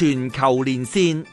全球連線，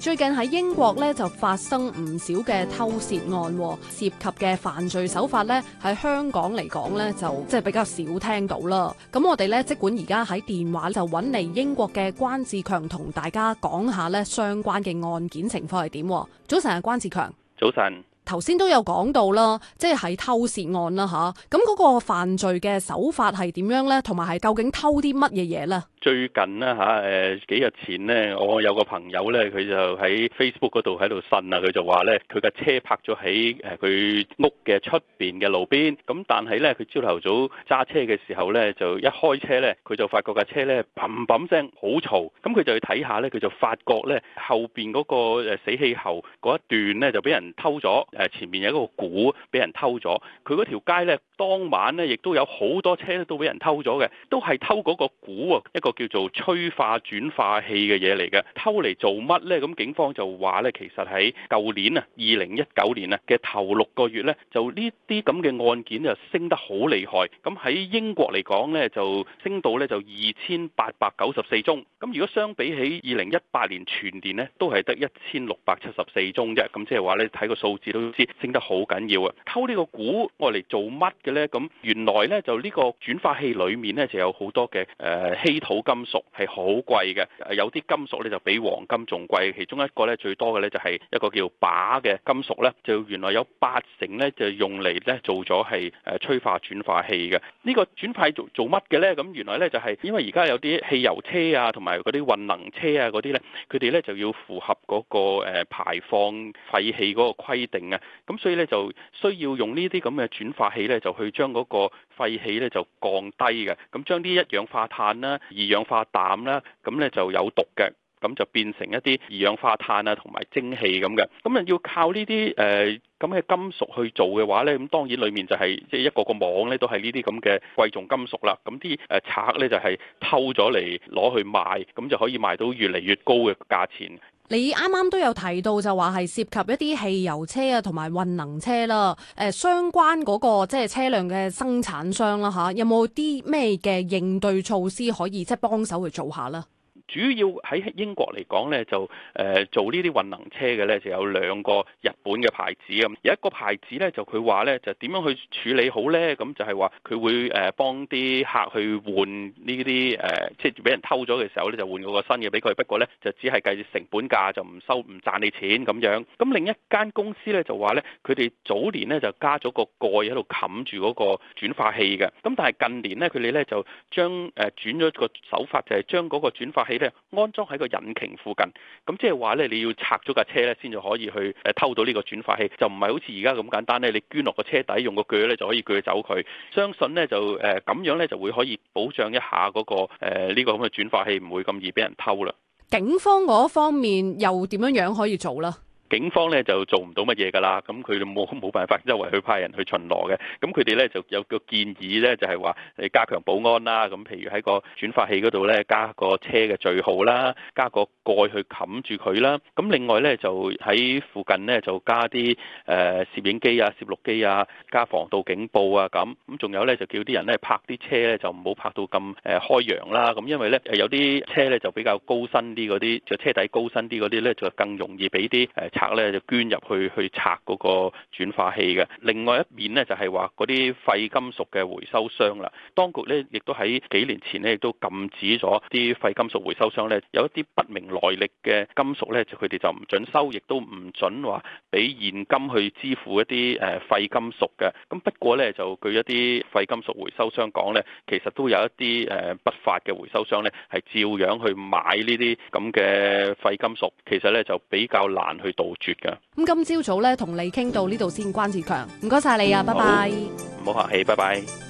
最近喺英國咧，就發生唔少嘅偷竊案，涉及嘅犯罪手法咧，喺香港嚟講咧，就即係比較少聽到啦。咁我哋咧，即管而家喺電話就揾嚟英國嘅關志強同大家講下咧，相關嘅案件情況係點。早晨啊，關志強。早晨。關志強早晨。頭先都有講到啦，即係偷竊案啦吓，咁、那、嗰個犯罪嘅手法係點樣咧？同埋係究竟偷啲乜嘢嘢咧？最近啦吓，誒幾日前咧，我有個朋友咧，佢就喺 Facebook 度喺度呻啊，佢就話咧，佢架車泊咗喺誒佢屋嘅出邊嘅路邊，咁但係咧，佢朝頭早揸車嘅時候咧，就一開車咧，佢就發覺架車咧嘭嘭聲好嘈，咁佢就去睇下咧，佢就發覺咧後邊嗰個誒死氣喉嗰一段咧就俾人偷咗，誒前面有一個鼓俾人偷咗，佢條街咧當晚咧亦都有好多車都俾人偷咗嘅，都係偷嗰個鼓啊。一個。叫做催化轉化器嘅嘢嚟嘅，偷嚟做乜咧？咁警方就話咧，其實喺舊年啊，二零一九年啊嘅頭六個月咧，就呢啲咁嘅案件就升得好厲害。咁喺英國嚟講咧，就升到咧就二千八百九十四宗。咁如果相比起二零一八年全年咧，都係得一千六百七十四宗啫。咁即係話咧，睇個數字都知升得好緊要啊！偷呢個鼓我嚟做乜嘅咧？咁原來咧就呢個轉化器裏面咧就有好多嘅誒、呃、稀土。金屬係好貴嘅，有啲金屬咧就比黃金仲貴。其中一個咧最多嘅咧就係一個叫鈀嘅金屬咧，就原來有八成咧就用嚟咧做咗係誒催化轉化器嘅。呢個轉化器做做乜嘅咧？咁原來咧就係因為而家有啲汽油車啊，同埋嗰啲混能車啊嗰啲咧，佢哋咧就要符合嗰個排放廢氣嗰個規定啊。咁所以咧就需要用呢啲咁嘅轉化器咧，就去將嗰個廢氣咧就降低嘅。咁將啲一氧化碳啦、二氧化氮啦，咁咧就有毒嘅，咁就變成一啲二氧化碳啊，同埋蒸汽咁嘅，咁啊要靠呢啲誒咁嘅金屬去做嘅話咧，咁當然裡面就係即係一個個網咧都係呢啲咁嘅貴重金屬啦，咁啲誒賊咧就係偷咗嚟攞去賣，咁就可以賣到越嚟越高嘅價錢。你啱啱都有提到就話係涉及一啲汽油車啊，同埋混能車啦，誒相關嗰個即係車輛嘅生產商啦吓，有冇啲咩嘅應對措施可以即係幫手去做下啦？主要喺英國嚟講咧，就誒、呃、做呢啲運能車嘅咧，就有兩個日本嘅牌子啊。有一個牌子咧，就佢話咧，就點樣去處理好咧？咁就係話佢會誒、呃、幫啲客去換呢啲誒，即係俾人偷咗嘅時候咧，就換嗰個新嘅俾佢。不過咧，就只係計成本價，就唔收唔賺你錢咁樣。咁另一間公司咧，就話咧，佢哋早年咧就加咗個蓋喺度冚住嗰個轉化器嘅。咁但係近年咧，佢哋咧就將誒、呃、轉咗個手法，就係將嗰個轉化器。即係安裝喺個引擎附近，咁即係話咧，你要拆咗架車咧，先就可以去誒偷到呢個轉化器，就唔係好似而家咁簡單咧。你捐落個車底，用個鋸咧就可以鋸走佢。相信咧就誒咁樣咧就會可以保障一下嗰個誒呢個咁嘅轉化器唔會咁易俾人偷啦。警方嗰方面又點樣樣可以做啦？警方咧就做唔到乜嘢㗎啦，咁佢就冇冇辦法周圍去派人去巡邏嘅，咁佢哋咧就有個建議咧，就係話誒加強保安啦，咁譬如喺個轉化器嗰度咧加個車嘅序號啦，加個蓋去冚住佢啦，咁另外咧就喺附近咧就加啲誒攝影機啊、攝錄機啊，加防盜警報啊。咁咁仲有咧就叫啲人咧拍啲車咧就唔好拍到咁誒開揚啦，咁因為咧有啲車咧就比較高身啲嗰啲，就車底高身啲嗰啲咧就更容易俾啲客咧就捐入去去拆嗰個轉化器嘅，另外一面咧就係話嗰啲廢金屬嘅回收商啦。當局咧亦都喺幾年前咧亦都禁止咗啲廢金屬回收商咧，有一啲不明來歷嘅金屬咧，就佢哋就唔準收，亦都唔準話俾現金去支付一啲誒廢金屬嘅。咁不過咧就據一啲廢金屬回收商講咧，其實都有一啲誒不法嘅回收商咧，係照樣去買呢啲咁嘅廢金屬，其實咧就比較難去盜。咁、嗯、今朝早咧，同你傾到呢度先。關志強，唔該晒你啊，拜拜。唔好客氣，拜拜。